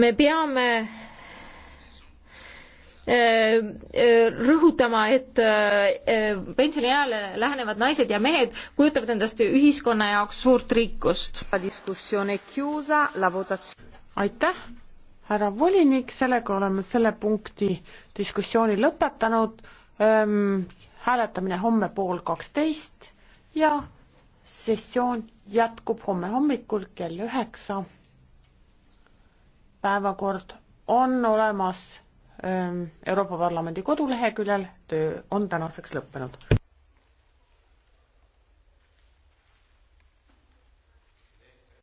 me peame äh, äh, rõhutama, et äh, pensionieale lähenevad naised ja mehed kujutavad endast ühiskonna jaoks suurt rikkust. aitäh, härra volinik, sellega oleme selle punkti diskussiooni lõpetanud. hääletamine homme pool kaksteist ja sessioon jätkub homme hommikul kell üheksa päevakord on olemas ähm, Euroopa Parlamendi koduleheküljel, töö on tänaseks lõppenud.